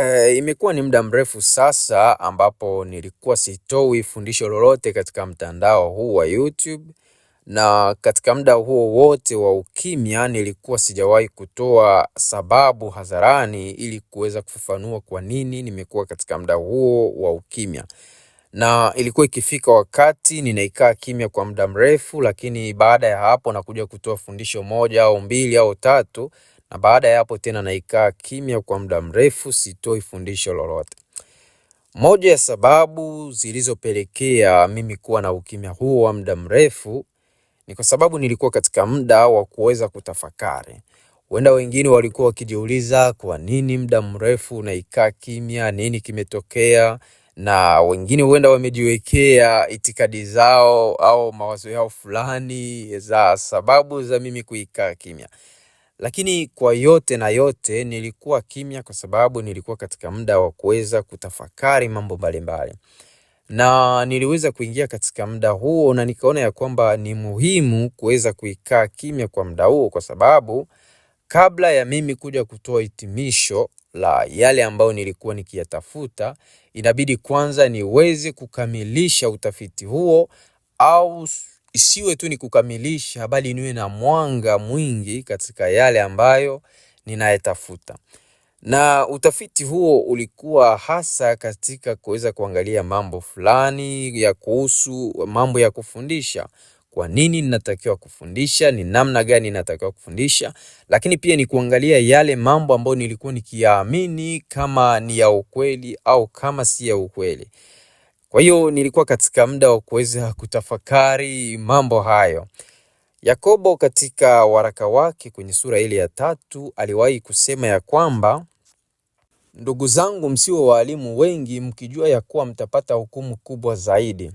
E, imekuwa ni muda mrefu sasa ambapo nilikuwa sitoi fundisho lolote katika mtandao huu wa YouTube na katika muda huo wote wa ukimya nilikuwa sijawahi kutoa sababu hadharani ili kuweza kufafanua kwa nini nimekuwa katika muda huo wa ukimya. Na ilikuwa ikifika wakati ninaikaa kimya kwa muda mrefu, lakini baada ya hapo nakuja kutoa fundisho moja au mbili au tatu na baada ya hapo tena naikaa kimya kwa muda mrefu, sitoi fundisho lolote. Moja ya sababu zilizopelekea mimi kuwa na ukimya huo wa muda mrefu ni kwa sababu nilikuwa katika muda wa kuweza kutafakari. Huenda wengine walikuwa wakijiuliza kwa nini muda mrefu unaikaa kimya, nini kimetokea, na wengine huenda wamejiwekea itikadi zao au mawazo yao fulani za sababu za mimi kuikaa kimya. Lakini kwa yote na yote, nilikuwa kimya kwa sababu nilikuwa katika muda wa kuweza kutafakari mambo mbalimbali, na niliweza kuingia katika muda huo, na nikaona ya kwamba ni muhimu kuweza kuikaa kimya kwa muda huo, kwa sababu kabla ya mimi kuja kutoa hitimisho la yale ambayo nilikuwa nikiyatafuta, inabidi kwanza niweze kukamilisha utafiti huo au isiwe tu ni kukamilisha, bali niwe na mwanga mwingi katika yale ambayo ninayetafuta. Na utafiti huo ulikuwa hasa katika kuweza kuangalia mambo fulani ya kuhusu mambo ya kufundisha. Kwa nini ninatakiwa kufundisha? Ni namna gani ninatakiwa kufundisha? Lakini pia ni kuangalia yale mambo ambayo nilikuwa nikiyaamini kama ni ya ukweli au kama si ya ukweli. Kwa hiyo nilikuwa katika muda wa kuweza kutafakari mambo hayo. Yakobo katika waraka wake kwenye sura ile ya tatu aliwahi kusema ya kwamba ndugu zangu, msiwe waalimu wengi, mkijua ya kuwa mtapata hukumu kubwa zaidi.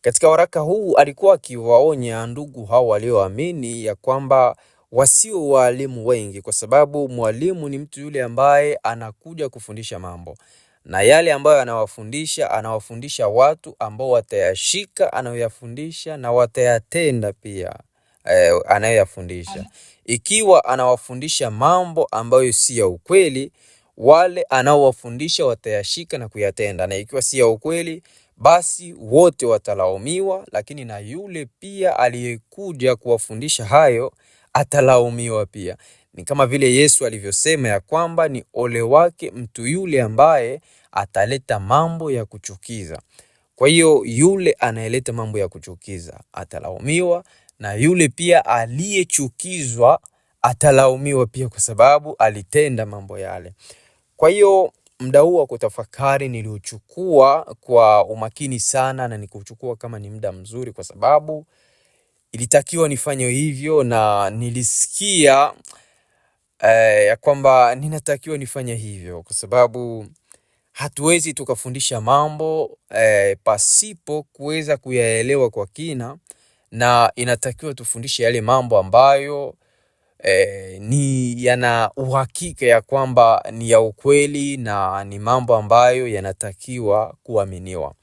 Katika waraka huu alikuwa akiwaonya ndugu hao walioamini ya kwamba wasio waalimu wengi, kwa sababu mwalimu ni mtu yule ambaye anakuja kufundisha mambo na yale ambayo anawafundisha anawafundisha watu ambao watayashika anayoyafundisha na watayatenda pia eh, anayoyafundisha. Ikiwa anawafundisha mambo ambayo si ya ukweli, wale anaowafundisha watayashika na kuyatenda, na ikiwa si ya ukweli, basi wote watalaumiwa, lakini na yule pia aliyekuja kuwafundisha hayo atalaumiwa pia. Ni kama vile Yesu alivyosema ya kwamba ni ole wake mtu yule ambaye ataleta mambo ya kuchukiza. Kwa hiyo yule anayeleta mambo ya kuchukiza atalaumiwa, na yule pia aliyechukizwa atalaumiwa pia, kwa sababu alitenda mambo yale. Kwa hiyo mda huu wa kutafakari niliochukua kwa umakini sana, na nikuchukua kama ni muda mzuri, kwa sababu ilitakiwa nifanye hivyo na nilisikia eh, ya kwamba ninatakiwa nifanye hivyo kwa sababu hatuwezi tukafundisha mambo eh, pasipo kuweza kuyaelewa kwa kina, na inatakiwa tufundishe yale mambo ambayo eh, ni yana uhakika ya kwamba ni ya ukweli na ni mambo ambayo yanatakiwa kuaminiwa.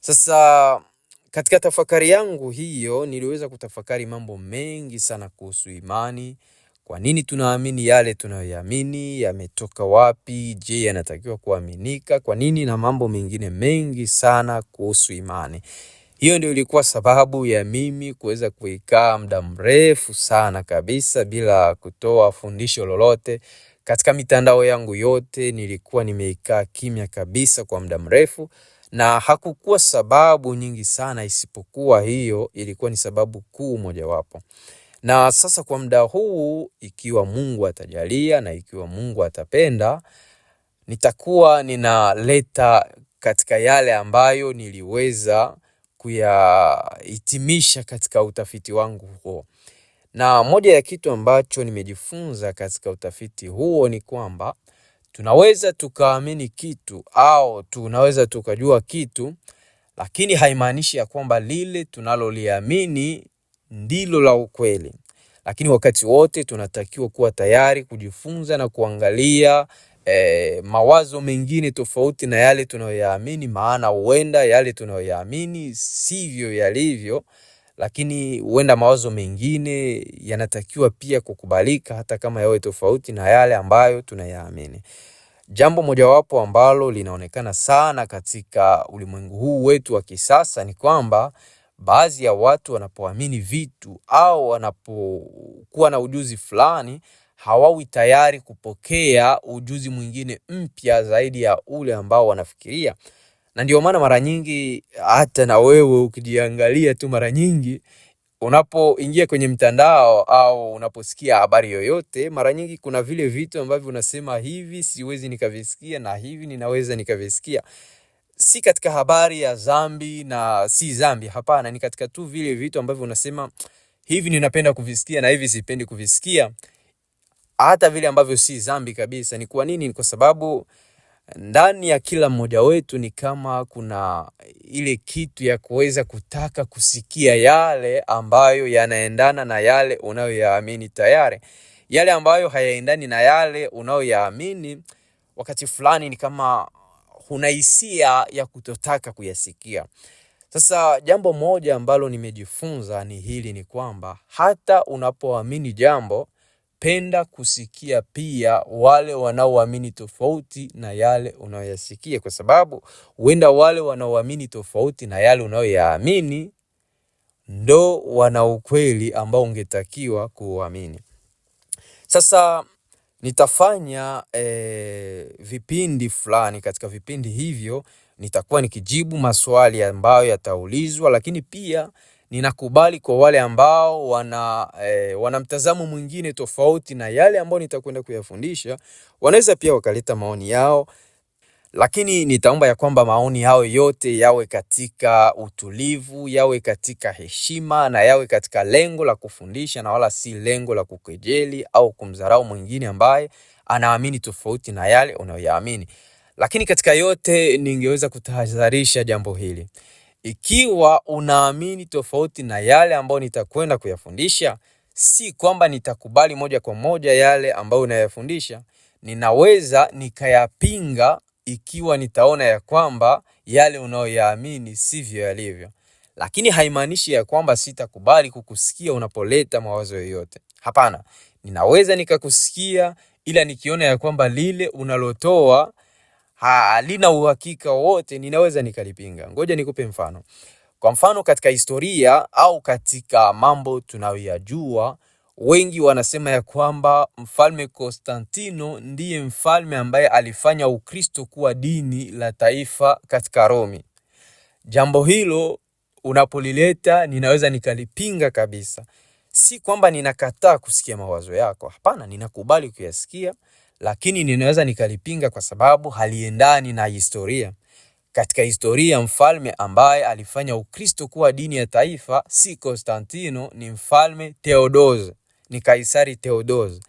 Sasa katika tafakari yangu hiyo niliweza kutafakari mambo mengi sana kuhusu imani kwa nini tunaamini yale tunayoyaamini? Yametoka wapi? Je, yanatakiwa kuaminika? Kwa nini? Na mambo mengine mengi sana kuhusu imani. Hiyo ndio ilikuwa sababu ya mimi kuweza kuikaa muda mrefu sana kabisa bila kutoa fundisho lolote katika mitandao yangu yote. Nilikuwa nimeikaa kimya kabisa kwa muda mrefu, na hakukuwa sababu nyingi sana isipokuwa hiyo, ilikuwa ni sababu kuu mojawapo. Na sasa kwa muda huu, ikiwa Mungu atajalia na ikiwa Mungu atapenda, nitakuwa ninaleta katika yale ambayo niliweza kuyahitimisha katika utafiti wangu huo. Na moja ya kitu ambacho nimejifunza katika utafiti huo ni kwamba tunaweza tukaamini kitu au tunaweza tukajua kitu, lakini haimaanishi ya kwamba lile tunaloliamini ndilo la ukweli, lakini wakati wote tunatakiwa kuwa tayari kujifunza na kuangalia eh, mawazo mengine tofauti na yale tunayoyaamini, maana huenda yale tunayoyaamini sivyo yalivyo, lakini huenda mawazo mengine yanatakiwa pia kukubalika hata kama yawe tofauti na yale ambayo tunayaamini. Jambo mojawapo ambalo linaonekana sana katika ulimwengu huu wetu wa kisasa ni kwamba baadhi ya watu wanapoamini vitu au wanapokuwa na ujuzi fulani hawawi tayari kupokea ujuzi mwingine mpya zaidi ya ule ambao wanafikiria, na ndio maana mara nyingi hata na wewe ukijiangalia tu, mara nyingi unapoingia kwenye mtandao au unaposikia habari yoyote, mara nyingi kuna vile vitu ambavyo unasema hivi siwezi nikavisikia na hivi ninaweza nikavisikia si katika habari ya zambi na si zambi, hapana, ni katika tu vile vitu ambavyo unasema hivi ninapenda kuvisikia na hivi sipendi kuvisikia, hata vile ambavyo si zambi kabisa. Ni kwa nini? Ni kwa sababu ndani ya kila mmoja wetu ni kama kuna ile kitu ya kuweza kutaka kusikia yale ambayo yanaendana na yale unayoyaamini tayari. Yale ambayo hayaendani na yale unayoyaamini wakati fulani ni kama huna hisia ya kutotaka kuyasikia. Sasa jambo moja ambalo nimejifunza ni hili, ni kwamba hata unapoamini jambo, penda kusikia pia wale wanaoamini tofauti na yale unayoyasikia, kwa sababu huenda wale wanaoamini tofauti na yale unayoyaamini ndo wana ukweli ambao ungetakiwa kuuamini. Sasa nitafanya e, vipindi fulani. Katika vipindi hivyo nitakuwa nikijibu maswali ambayo yataulizwa, lakini pia ninakubali kwa wale ambao wana, e, wana mtazamo mwingine tofauti na yale ambayo nitakwenda kuyafundisha. Wanaweza pia wakaleta maoni yao lakini nitaomba ya kwamba maoni hayo yote yawe katika utulivu, yawe katika heshima na yawe katika lengo la kufundisha na wala si lengo la kukejeli au kumdharau mwingine ambaye anaamini tofauti na yale unayoyaamini. Lakini katika yote, ningeweza kutahadharisha jambo hili: ikiwa unaamini tofauti na yale ambayo nitakwenda kuyafundisha, si kwamba nitakubali moja kwa moja yale ambayo unayafundisha, ninaweza nikayapinga ikiwa nitaona ya kwamba yale unayoyaamini sivyo yalivyo. Lakini haimaanishi ya kwamba sitakubali kukusikia unapoleta mawazo yoyote. Hapana, ninaweza nikakusikia, ila nikiona ya kwamba lile unalotoa halina uhakika wote, ninaweza nikalipinga. Ngoja nikupe mfano. Kwa mfano, katika historia au katika mambo tunayoyajua Wengi wanasema ya kwamba mfalme Konstantino ndiye mfalme ambaye alifanya Ukristo kuwa dini la taifa katika Rumi. Jambo hilo unapolileta, ninaweza nikalipinga kabisa. Si kwamba ninakataa kusikia mawazo yako, hapana, ninakubali kuyasikia, lakini ninaweza nikalipinga kwa sababu haliendani na historia. Katika historia, mfalme ambaye alifanya Ukristo kuwa dini ya taifa si Konstantino, ni mfalme Theodose ni Kaisari Theodos.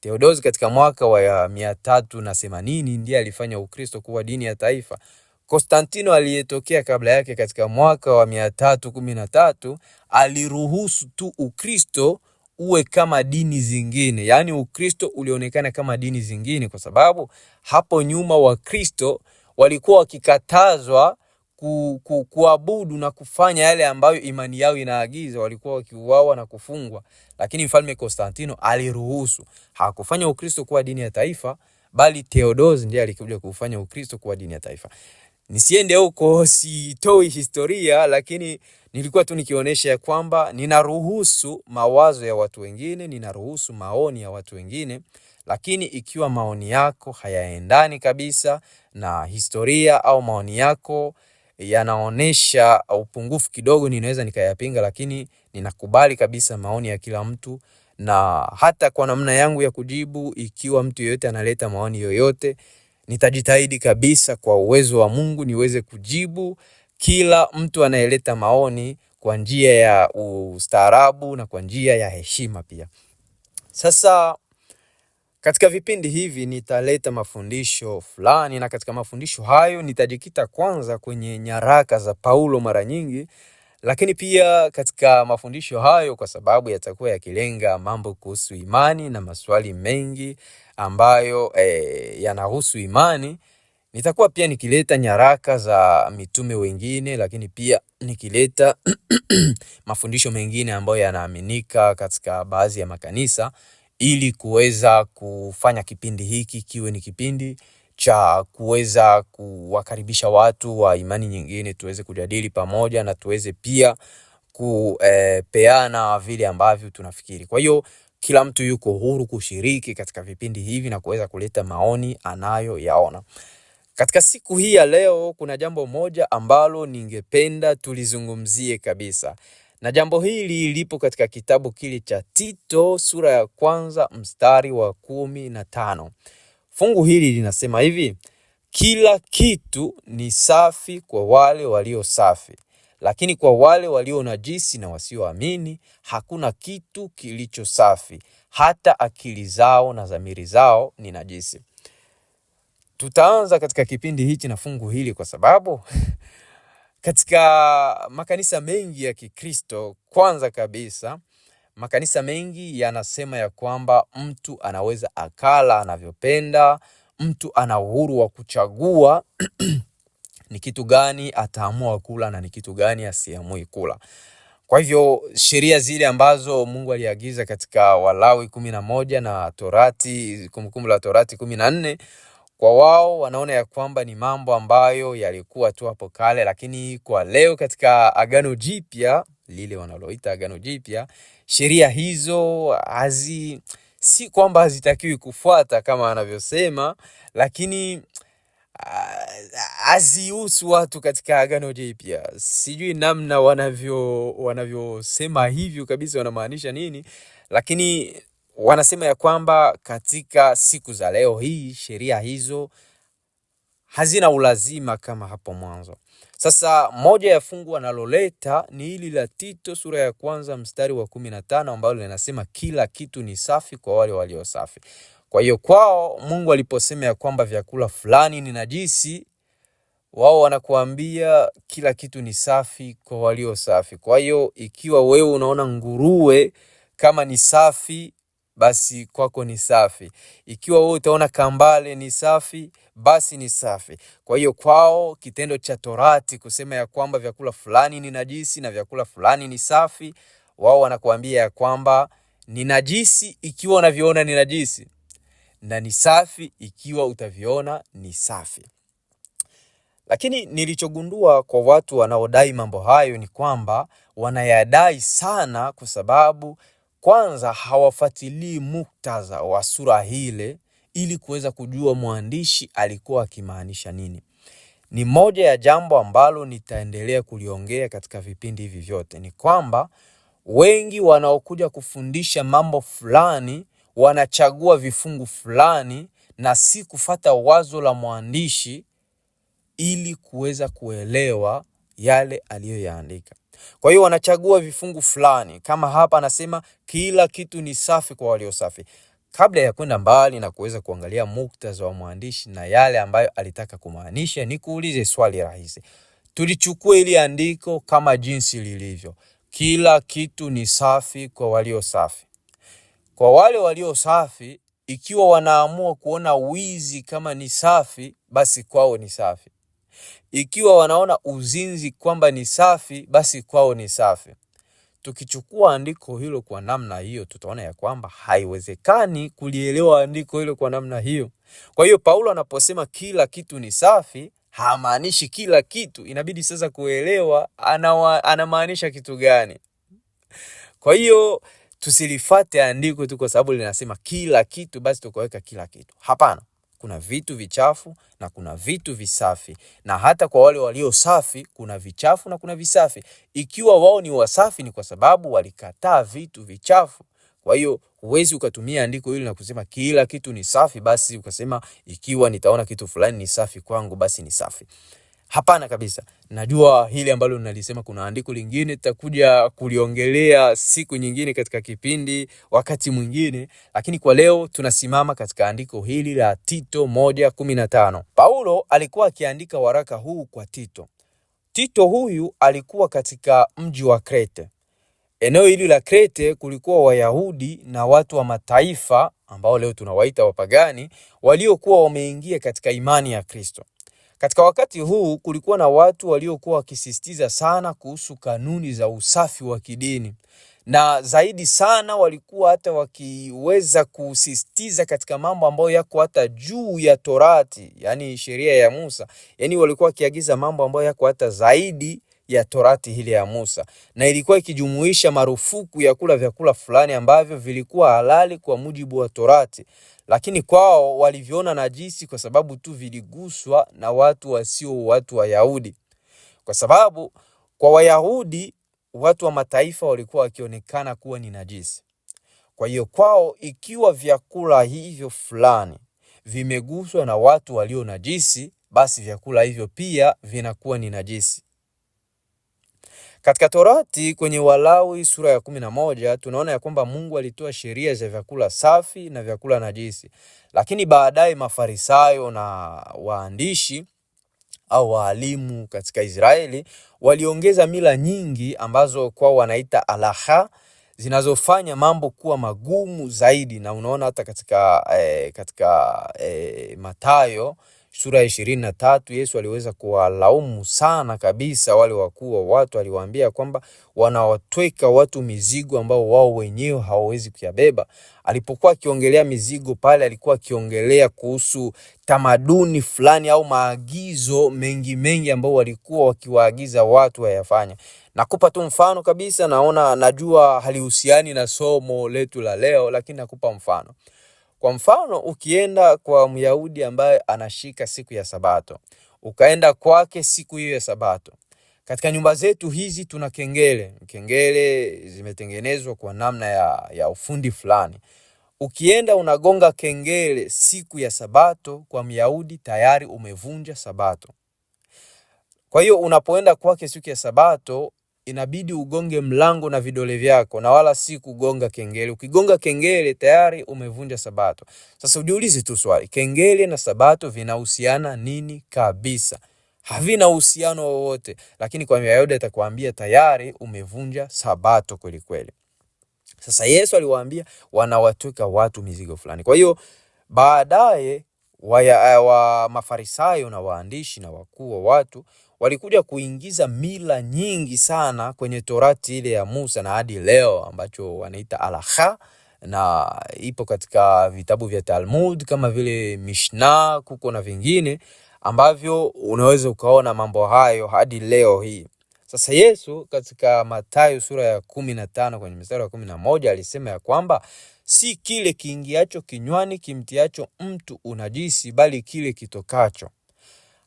Theodos katika mwaka wa mia tatu na themanini ndiye alifanya Ukristo kuwa dini ya taifa. Konstantino aliyetokea kabla yake katika mwaka wa mia tatu kumi na tatu aliruhusu tu Ukristo uwe kama dini zingine, yaani Ukristo ulionekana kama dini zingine, kwa sababu hapo nyuma Wakristo walikuwa wakikatazwa ku, ku, kuabudu na kufanya yale ambayo imani yao inaagiza. Walikuwa wakiuawa na kufungwa, lakini mfalme Konstantino aliruhusu. Hakufanya Ukristo kuwa dini ya taifa, bali Theodosi ndiye alikuja kufanya Ukristo kuwa dini ya taifa. Nisiende huko, sitoi historia, lakini nilikuwa tu nikionyesha ya kwamba ninaruhusu mawazo ya watu wengine, ninaruhusu maoni ya watu wengine, lakini ikiwa maoni yako hayaendani kabisa na historia au maoni yako yanaonesha upungufu kidogo, ninaweza nikayapinga, lakini ninakubali kabisa maoni ya kila mtu na hata kwa namna yangu ya kujibu, ikiwa mtu yeyote analeta maoni yoyote, nitajitahidi kabisa kwa uwezo wa Mungu niweze kujibu kila mtu anayeleta maoni kwa njia ya ustaarabu na kwa njia ya heshima pia. Sasa katika vipindi hivi nitaleta mafundisho fulani, na katika mafundisho hayo nitajikita kwanza kwenye nyaraka za Paulo mara nyingi, lakini pia katika mafundisho hayo, kwa sababu yatakuwa yakilenga mambo kuhusu imani na maswali mengi ambayo eh, yanahusu imani, nitakuwa pia nikileta nyaraka za mitume wengine, lakini pia nikileta mafundisho mengine ambayo yanaaminika katika baadhi ya makanisa ili kuweza kufanya kipindi hiki kiwe ni kipindi cha kuweza kuwakaribisha watu wa imani nyingine, tuweze kujadili pamoja na tuweze pia kupeana eh, vile ambavyo tunafikiri. Kwa hiyo kila mtu yuko huru kushiriki katika vipindi hivi na kuweza kuleta maoni anayoyaona. Katika siku hii ya leo, kuna jambo moja ambalo ningependa tulizungumzie kabisa na jambo hili lipo katika kitabu kile cha Tito sura ya kwanza mstari wa kumi na tano. Fungu hili linasema hivi: kila kitu ni safi kwa wale walio safi, lakini kwa wale walio najisi na wasioamini hakuna kitu kilicho safi, hata akili zao na dhamiri zao ni najisi. Tutaanza katika kipindi hichi na fungu hili kwa sababu Katika makanisa mengi ya Kikristo, kwanza kabisa, makanisa mengi yanasema ya kwamba mtu anaweza akala anavyopenda, mtu ana uhuru wa kuchagua ni kitu gani ataamua kula na ni kitu gani asiamui kula. Kwa hivyo sheria zile ambazo Mungu aliagiza katika Walawi kumi na moja na Torati Kumbukumbu la Torati kumi na nne kwa wao wanaona ya kwamba ni mambo ambayo yalikuwa tu hapo kale, lakini kwa leo katika Agano Jipya lile wanaloita Agano Jipya, sheria hizo hazi si kwamba hazitakiwi kufuata kama anavyosema, lakini ah, hazihusu watu katika Agano Jipya. Sijui namna wanavyo wanavyosema hivyo kabisa wanamaanisha nini, lakini wanasema ya kwamba katika siku za leo hii sheria hizo hazina ulazima kama hapo mwanzo. Sasa moja ya fungu analoleta ni hili la Tito sura ya kwanza mstari wa kumi na tano ambalo linasema kila kitu ni safi kwa wale walio safi. Kwa hiyo kwao Mungu aliposema ya kwamba vyakula fulani ni najisi, wao wanakuambia kila kitu ni safi kwa walio safi. Kwa hiyo ikiwa wewe unaona nguruwe kama ni safi basi kwako ni safi. Ikiwa wewe utaona kambale ni safi, basi ni safi. Kwa hiyo kwao kitendo cha Torati kusema ya kwamba vyakula fulani ni najisi na vyakula fulani ni safi, wao wanakuambia ya kwamba ni najisi ikiwa unaviona ni najisi na ni safi ikiwa utaviona ni safi. Lakini nilichogundua kwa watu wanaodai mambo hayo ni kwamba wanayadai sana kwa sababu kwanza hawafuatilii muktadha wa sura hile ili kuweza kujua mwandishi alikuwa akimaanisha nini. Ni moja ya jambo ambalo nitaendelea kuliongea katika vipindi hivi vyote, ni kwamba wengi wanaokuja kufundisha mambo fulani wanachagua vifungu fulani na si kufata wazo la mwandishi ili kuweza kuelewa yale aliyoyaandika. Kwa hiyo wanachagua vifungu fulani, kama hapa anasema kila kitu ni safi kwa walio safi. Kabla ya kwenda mbali na kuweza kuangalia muktadha wa mwandishi na yale ambayo alitaka kumaanisha, ni kuulize swali rahisi. Tulichukua ili andiko kama jinsi lilivyo, kila kitu ni safi kwa walio safi. Kwa wale walio safi, ikiwa wanaamua kuona wizi kama ni safi, basi kwao ni safi. Ikiwa wanaona uzinzi kwamba ni safi, basi kwao ni safi. Tukichukua andiko hilo kwa namna hiyo, tutaona ya kwamba haiwezekani kulielewa andiko hilo kwa namna hiyo. Kwa hiyo Paulo anaposema kila kitu ni safi, hamaanishi kila kitu. Inabidi sasa kuelewa anamaanisha kitu gani. Kwa hiyo tusilifate andiko tu kwa sababu linasema kila kitu, basi tukaweka kila kitu. Hapana kuna vitu vichafu na kuna vitu visafi, na hata kwa wale walio safi kuna vichafu na kuna visafi. Ikiwa wao ni wasafi, ni kwa sababu walikataa vitu vichafu. Kwa hiyo huwezi ukatumia andiko hili na kusema kila kitu ni safi, basi ukasema ikiwa nitaona kitu fulani ni safi kwangu, basi ni safi. Hapana kabisa. Najua hili ambalo nalisema, kuna andiko lingine tutakuja kuliongelea siku nyingine katika kipindi, wakati mwingine, lakini kwa leo tunasimama katika andiko hili la Tito moja kumi na tano. Paulo alikuwa akiandika waraka huu kwa Tito. Tito huyu alikuwa katika mji wa Krete. Eneo hili la Krete kulikuwa Wayahudi na watu wa mataifa ambao leo tunawaita wapagani waliokuwa wameingia katika imani ya Kristo. Katika wakati huu kulikuwa na watu waliokuwa wakisisitiza sana kuhusu kanuni za usafi wa kidini, na zaidi sana walikuwa hata wakiweza kusisitiza katika mambo ambayo yako hata juu ya Torati, yani sheria ya Musa. Yani walikuwa wakiagiza mambo ambayo yako hata zaidi ya Torati ile ya Musa, na ilikuwa ikijumuisha marufuku ya kula vyakula fulani ambavyo vilikuwa halali kwa mujibu wa Torati, lakini kwao walivyoona najisi kwa sababu tu viliguswa na watu wasio watu Wayahudi, kwa sababu kwa Wayahudi watu wa mataifa walikuwa wakionekana kuwa ni najisi. Kwa hiyo kwao, ikiwa vyakula hivyo fulani vimeguswa na watu walio najisi, basi vyakula hivyo pia vinakuwa ni najisi. Katika Torati kwenye Walawi sura ya kumi na moja tunaona ya kwamba Mungu alitoa sheria za vyakula safi na vyakula najisi, lakini baadaye Mafarisayo na waandishi au waalimu katika Israeli waliongeza mila nyingi ambazo kwao wanaita alaha zinazofanya mambo kuwa magumu zaidi, na unaona hata katika, eh, katika eh, Mathayo sura ya ishirini na tatu Yesu aliweza kuwalaumu sana kabisa wale wakuu wa watu. Aliwaambia kwamba wanawatweka watu mizigo ambao wao wenyewe hawawezi kuyabeba. Alipokuwa akiongelea mizigo pale, alikuwa akiongelea kuhusu tamaduni fulani au maagizo mengi mengi ambao walikuwa wakiwaagiza watu wayafanya. Nakupa tu mfano kabisa, naona najua halihusiani na somo letu la leo, lakini nakupa mfano. Kwa mfano, ukienda kwa Myahudi ambaye anashika siku ya Sabato, ukaenda kwake siku hiyo ya Sabato. Katika nyumba zetu hizi tuna kengele. Kengele zimetengenezwa kwa namna ya, ya ufundi fulani. Ukienda unagonga kengele siku ya Sabato kwa Myahudi, tayari umevunja Sabato. Kwa hiyo unapoenda kwake siku ya Sabato inabidi ugonge mlango na vidole vyako na wala si kugonga kengele. Ukigonga kengele tayari umevunja Sabato. Sasa ujiulize tu swali, kengele na Sabato vinahusiana nini? Kabisa havina uhusiano wowote, lakini kwa Wayahudi atakwambia tayari umevunja Sabato kweli kweli. Sasa Yesu aliwaambia wanawatweka watu mizigo fulani. Kwa hiyo baadaye wa Mafarisayo na waandishi na wakuu wa watu walikuja kuingiza mila nyingi sana kwenye Torati ile ya Musa na hadi leo ambacho wanaita alakha na ipo katika vitabu vya Talmud kama vile Mishna kuko na vingine ambavyo unaweza ukaona mambo hayo hadi leo hii. Sasa Yesu katika Mathayo sura ya kumi na tano kwenye mstari wa kumi na moja alisema ya kwamba si kile kiingiacho kinywani kimtiacho mtu unajisi, bali kile kitokacho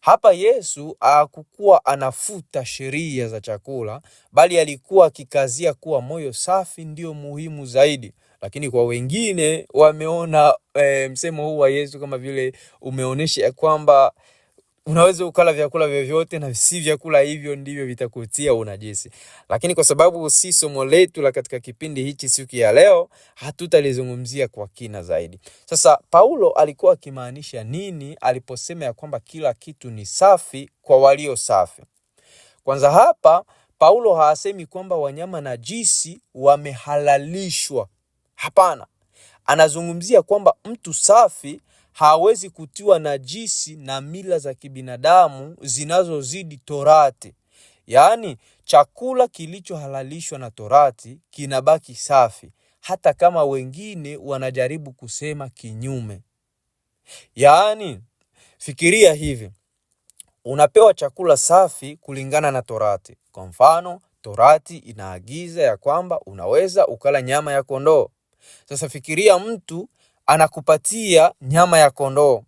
hapa Yesu hakukuwa anafuta sheria za chakula, bali alikuwa akikazia kuwa moyo safi ndio muhimu zaidi. Lakini kwa wengine wameona e, msemo huu wa Yesu kama vile umeonyesha kwamba Unaweza ukala vyakula vyovyote na si vyakula hivyo ndivyo vitakutia unajisi. Lakini kwa sababu si somo letu la katika kipindi hichi siku ya leo, hatutalizungumzia kwa kina zaidi. Sasa Paulo alikuwa akimaanisha nini aliposema ya kwamba kila kitu ni safi kwa walio safi? Kwanza hapa Paulo haasemi kwamba wanyama najisi wamehalalishwa. Hapana, anazungumzia kwamba mtu safi hawezi kutiwa najisi na mila za kibinadamu zinazozidi Torati. Yaani, chakula kilichohalalishwa na Torati kinabaki safi hata kama wengine wanajaribu kusema kinyume. Yaani, fikiria hivi, unapewa chakula safi kulingana na Torati. Kwa mfano, Torati inaagiza ya kwamba unaweza ukala nyama ya kondoo. Sasa fikiria mtu anakupatia nyama ya kondoo,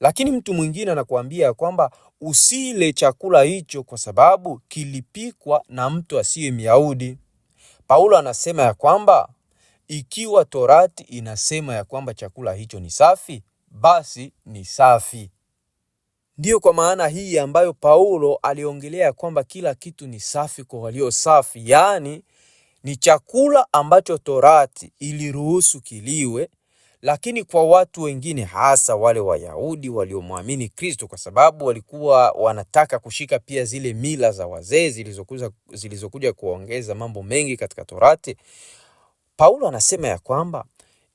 lakini mtu mwingine anakuambia kwamba usile chakula hicho kwa sababu kilipikwa na mtu asiye Myahudi. Paulo anasema ya kwamba ikiwa Torati inasema ya kwamba chakula hicho ni safi, basi ni safi. Ndiyo kwa maana hii ambayo Paulo aliongelea kwamba kila kitu ni safi kwa walio safi, yaani ni chakula ambacho Torati iliruhusu kiliwe, lakini kwa watu wengine, hasa wale Wayahudi waliomwamini Kristo, kwa sababu walikuwa wanataka kushika pia zile mila za wazee zilizokuja, zilizokuja kuongeza mambo mengi katika Torati. Paulo anasema ya kwamba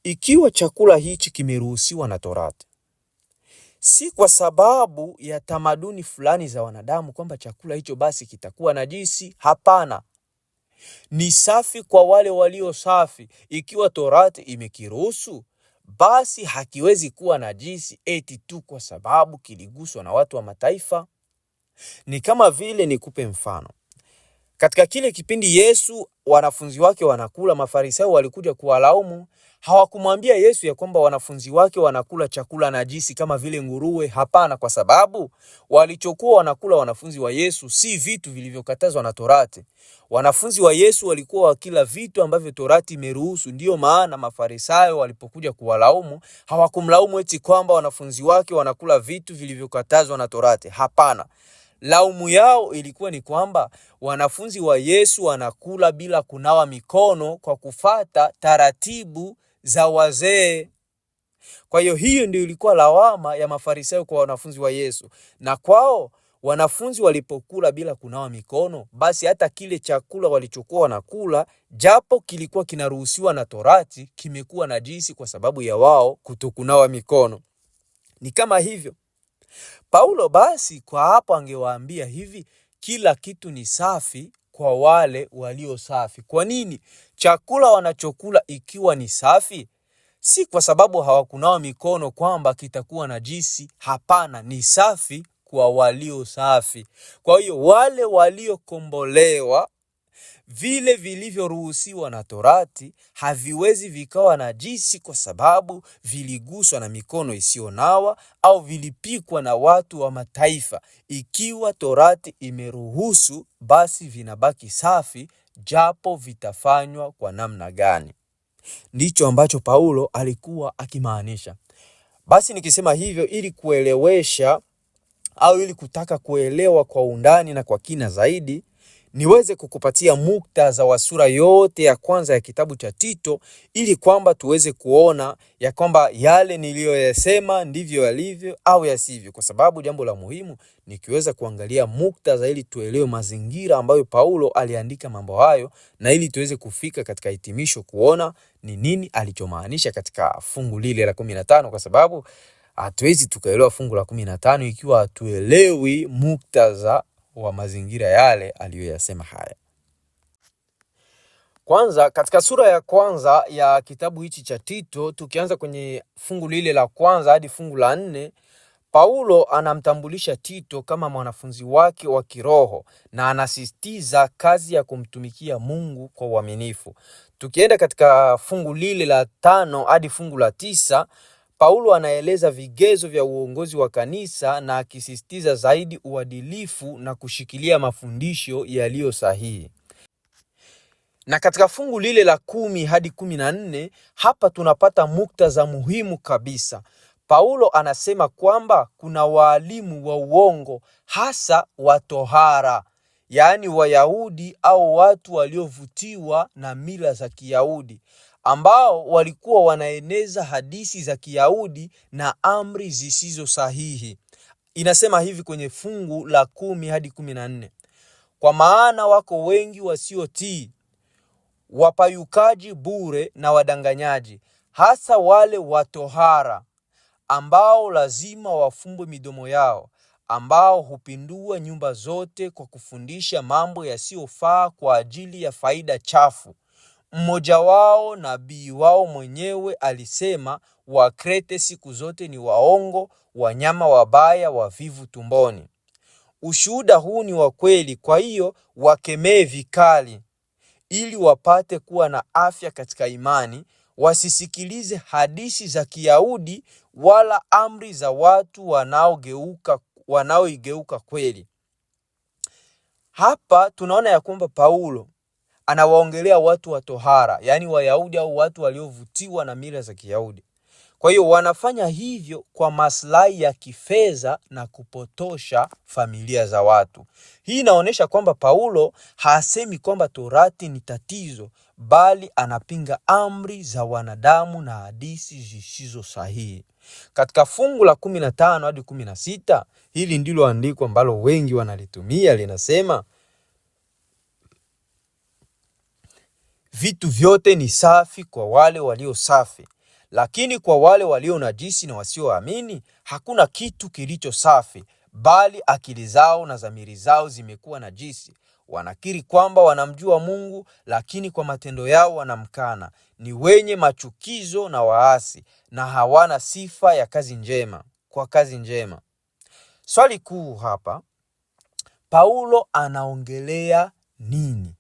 ikiwa chakula hichi kimeruhusiwa na Torati, si kwa sababu ya tamaduni fulani za wanadamu kwamba chakula hicho basi kitakuwa najisi. Hapana, ni safi kwa wale walio safi. Ikiwa Torati imekiruhusu basi hakiwezi kuwa najisi eti tu kwa sababu kiliguswa na watu wa mataifa. Ni kama vile, nikupe mfano katika kile kipindi Yesu wanafunzi wake wanakula, Mafarisayo walikuja kuwalaumu hawakumwambia Yesu ya kwamba wanafunzi wake wanakula chakula najisi kama vile nguruwe. Hapana, kwa sababu walichokuwa wanakula wanafunzi wa Yesu si vitu vilivyokatazwa na Torati. Wanafunzi wa Yesu walikuwa wakila vitu ambavyo Torati imeruhusu. Ndiyo maana Mafarisayo walipokuja kuwalaumu hawakumlaumu eti kwamba wanafunzi wake wanakula vitu vilivyokatazwa na Torati. Hapana. Laumu yao ilikuwa ni kwamba wanafunzi wa Yesu wanakula bila kunawa mikono kwa kufata taratibu za wazee. Kwa hiyo hiyo ndio ilikuwa lawama ya Mafarisayo kwa wanafunzi wa Yesu. Na kwao wanafunzi walipokula bila kunawa mikono, basi hata kile chakula walichokuwa wanakula, japo kilikuwa kinaruhusiwa na Torati, kimekuwa najisi kwa sababu ya wao kutokunawa mikono. Ni kama hivyo Paulo basi kwa hapo angewaambia hivi, kila kitu ni safi kwa wale walio safi. Kwa nini? Chakula wanachokula ikiwa ni safi, si kwa sababu hawakunawa mikono kwamba kitakuwa najisi. Hapana, ni safi kwa walio safi. Kwa hiyo wale waliokombolewa vile vilivyoruhusiwa na Torati haviwezi vikawa najisi kwa sababu viliguswa na mikono isiyonawa au vilipikwa na watu wa mataifa. Ikiwa Torati imeruhusu, basi vinabaki safi, japo vitafanywa kwa namna gani. Ndicho ambacho Paulo alikuwa akimaanisha. Basi nikisema hivyo, ili kuelewesha au ili kutaka kuelewa kwa undani na kwa kina zaidi niweze kukupatia muktadha wa sura yote ya kwanza ya kitabu cha Tito, ili kwamba tuweze kuona ya kwamba yale niliyoyasema ndivyo yalivyo au yasivyo, kwa sababu jambo la muhimu nikiweza kuangalia muktadha, ili tuelewe mazingira ambayo Paulo aliandika mambo hayo, na ili tuweze kufika katika hitimisho kuona ni nini alichomaanisha katika fungu lile la 15 kwa sababu hatuwezi tukaelewa fungu la kumi na tano ikiwa hatuelewi muktadha wa mazingira yale aliyoyasema haya. Kwanza, katika sura ya kwanza ya kitabu hichi cha Tito, tukianza kwenye fungu lile la kwanza hadi fungu la nne, Paulo anamtambulisha Tito kama mwanafunzi wake wa kiroho na anasisitiza kazi ya kumtumikia Mungu kwa uaminifu. Tukienda katika fungu lile la tano hadi fungu la tisa, Paulo anaeleza vigezo vya uongozi wa kanisa na akisisitiza zaidi uadilifu na kushikilia mafundisho yaliyo sahihi. Na katika fungu lile la kumi hadi kumi na nne hapa tunapata muktadha muhimu kabisa. Paulo anasema kwamba kuna waalimu wa uongo, hasa watohara, yaani Wayahudi au watu waliovutiwa na mila za Kiyahudi ambao walikuwa wanaeneza hadisi za Kiyahudi na amri zisizo sahihi. Inasema hivi kwenye fungu la kumi hadi kumi na nne kwa maana wako wengi wasiotii, wapayukaji bure na wadanganyaji, hasa wale watohara ambao lazima wafumbwe midomo yao, ambao hupindua nyumba zote kwa kufundisha mambo yasiyofaa kwa ajili ya faida chafu. Mmoja wao nabii wao mwenyewe alisema, Wakrete siku zote ni waongo, wanyama wabaya, wavivu tumboni. Ushuhuda huu ni wa kweli, kwa hiyo wakemee vikali, ili wapate kuwa na afya katika imani, wasisikilize hadisi za Kiyahudi wala amri za watu wanaogeuka wanaoigeuka kweli. Hapa tunaona ya kwamba Paulo anawaongelea watu wa tohara, yaani Wayahudi au watu waliovutiwa na mila za Kiyahudi. Kwa hiyo wanafanya hivyo kwa maslahi ya kifedha na kupotosha familia za watu. Hii inaonyesha kwamba Paulo hasemi kwamba Torati ni tatizo, bali anapinga amri za wanadamu na hadisi zisizo sahihi. Katika fungu la kumi na tano hadi kumi na sita hili ndilo andiko ambalo wengi wanalitumia linasema Vitu vyote ni safi kwa wale walio safi, lakini kwa wale walio najisi na wasioamini hakuna kitu kilicho safi, bali akili zao na dhamiri zao zimekuwa najisi. Wanakiri kwamba wanamjua Mungu, lakini kwa matendo yao wanamkana. Ni wenye machukizo na waasi, na hawana sifa ya kazi njema kwa kazi njema. Swali kuu hapa, Paulo anaongelea nini?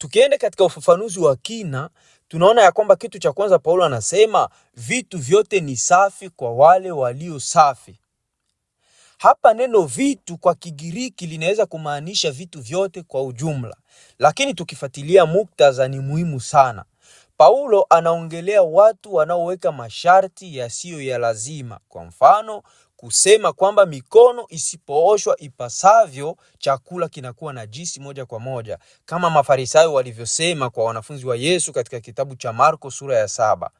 Tukienda katika ufafanuzi wa kina, tunaona ya kwamba kitu cha kwanza Paulo anasema vitu vyote ni safi kwa wale walio safi. Hapa neno vitu kwa Kigiriki linaweza kumaanisha vitu vyote kwa ujumla, lakini tukifuatilia muktadha ni muhimu sana. Paulo anaongelea watu wanaoweka masharti yasiyo ya lazima. Kwa mfano, kusema kwamba mikono isipooshwa ipasavyo, chakula kinakuwa najisi moja kwa moja, kama Mafarisayo walivyosema kwa wanafunzi wa Yesu katika kitabu cha Marko sura ya saba.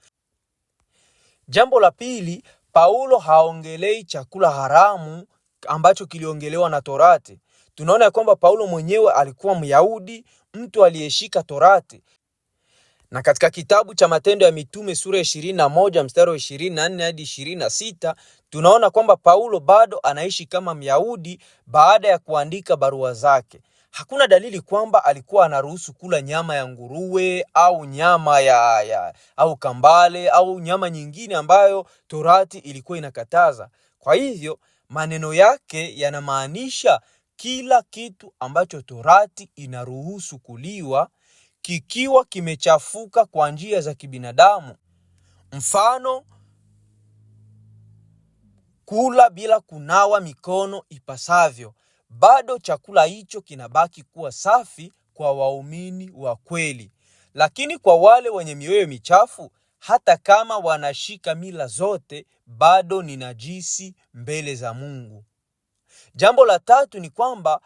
Jambo la pili, Paulo haongelei chakula haramu ambacho kiliongelewa na Torati. Tunaona ya kwamba Paulo mwenyewe alikuwa Myahudi, mtu aliyeshika Torati, na katika kitabu cha Matendo ya Mitume sura ya ishirini na moja mstari wa ishirini na nne hadi ishirini na sita tunaona kwamba Paulo bado anaishi kama Myahudi baada ya kuandika barua zake. Hakuna dalili kwamba alikuwa anaruhusu kula nyama ya nguruwe au nyama ya, ya au kambale au nyama nyingine ambayo Torati ilikuwa inakataza. Kwa hivyo maneno yake yanamaanisha kila kitu ambacho Torati inaruhusu kuliwa kikiwa kimechafuka kwa njia za kibinadamu, mfano kula bila kunawa mikono ipasavyo, bado chakula hicho kinabaki kuwa safi kwa waumini wa kweli. Lakini kwa wale wenye mioyo michafu, hata kama wanashika mila zote, bado ni najisi mbele za Mungu. Jambo la tatu ni kwamba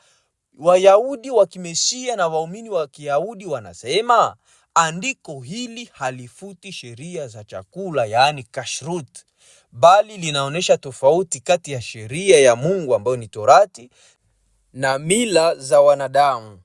Wayahudi wa kimeshia na waumini wa Kiyahudi wanasema andiko hili halifuti sheria za chakula, yaani kashrut, bali linaonyesha tofauti kati ya sheria ya Mungu ambayo ni Torati na mila za wanadamu.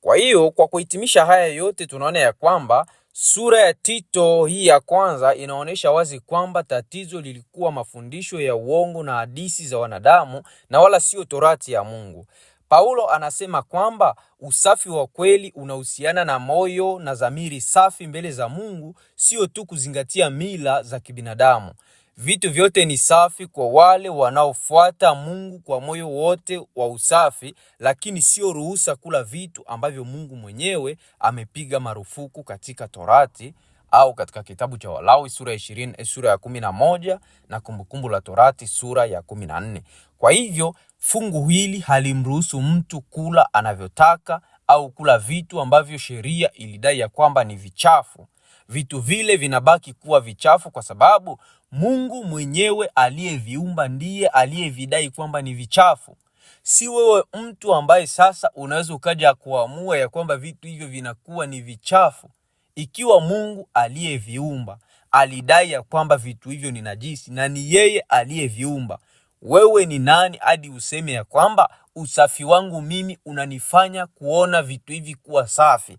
Kwa hiyo kwa kuhitimisha haya yote, tunaona ya kwamba sura ya Tito hii ya kwanza inaonyesha wazi kwamba tatizo lilikuwa mafundisho ya uongo na hadisi za wanadamu na wala sio Torati ya Mungu. Paulo anasema kwamba usafi wa kweli unahusiana na moyo na dhamiri safi mbele za Mungu, sio tu kuzingatia mila za kibinadamu. Vitu vyote ni safi kwa wale wanaofuata Mungu kwa moyo wote wa usafi, lakini sio ruhusa kula vitu ambavyo Mungu mwenyewe amepiga marufuku katika Torati au katika kitabu cha Walawi sura ya ishirini eh, sura ya kumi na moja na Kumbukumbu la Torati sura ya kumi na nne. Kwa hivyo fungu hili halimruhusu mtu kula anavyotaka au kula vitu ambavyo sheria ilidai ya kwamba ni vichafu. Vitu vile vinabaki kuwa vichafu kwa sababu Mungu mwenyewe aliyeviumba ndiye aliyevidai kwamba ni vichafu. Si wewe mtu ambaye sasa unaweza ukaja kuamua ya kwamba vitu hivyo vinakuwa ni vichafu. Ikiwa Mungu aliyeviumba alidai ya kwamba vitu hivyo ni najisi na ni yeye aliyeviumba, wewe ni nani hadi useme ya kwamba usafi wangu mimi unanifanya kuona vitu hivi kuwa safi?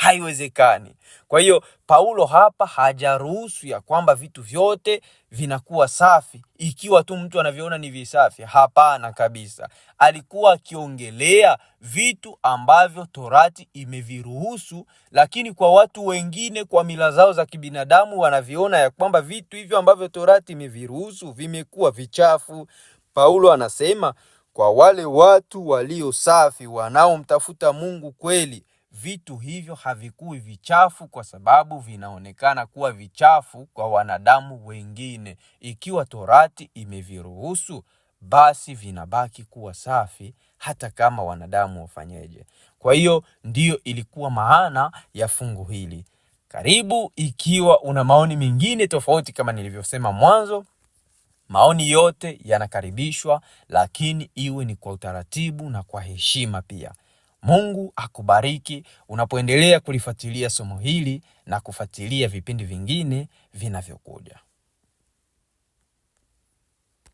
haiwezekani. Kwa hiyo Paulo hapa hajaruhusu ya kwamba vitu vyote vinakuwa safi ikiwa tu mtu anavyoona ni visafi. Hapana kabisa, alikuwa akiongelea vitu ambavyo torati imeviruhusu, lakini kwa watu wengine, kwa mila zao za kibinadamu, wanaviona ya kwamba vitu hivyo ambavyo torati imeviruhusu vimekuwa vichafu. Paulo anasema kwa wale watu walio safi wanaomtafuta Mungu kweli vitu hivyo havikui vichafu kwa sababu vinaonekana kuwa vichafu kwa wanadamu wengine. Ikiwa Torati imeviruhusu, basi vinabaki kuwa safi hata kama wanadamu wafanyeje. Kwa hiyo ndiyo ilikuwa maana ya fungu hili. Karibu ikiwa una maoni mengine tofauti, kama nilivyosema mwanzo, maoni yote yanakaribishwa, lakini iwe ni kwa utaratibu na kwa heshima pia. Mungu akubariki unapoendelea kulifuatilia somo hili na kufuatilia vipindi vingine vinavyokuja.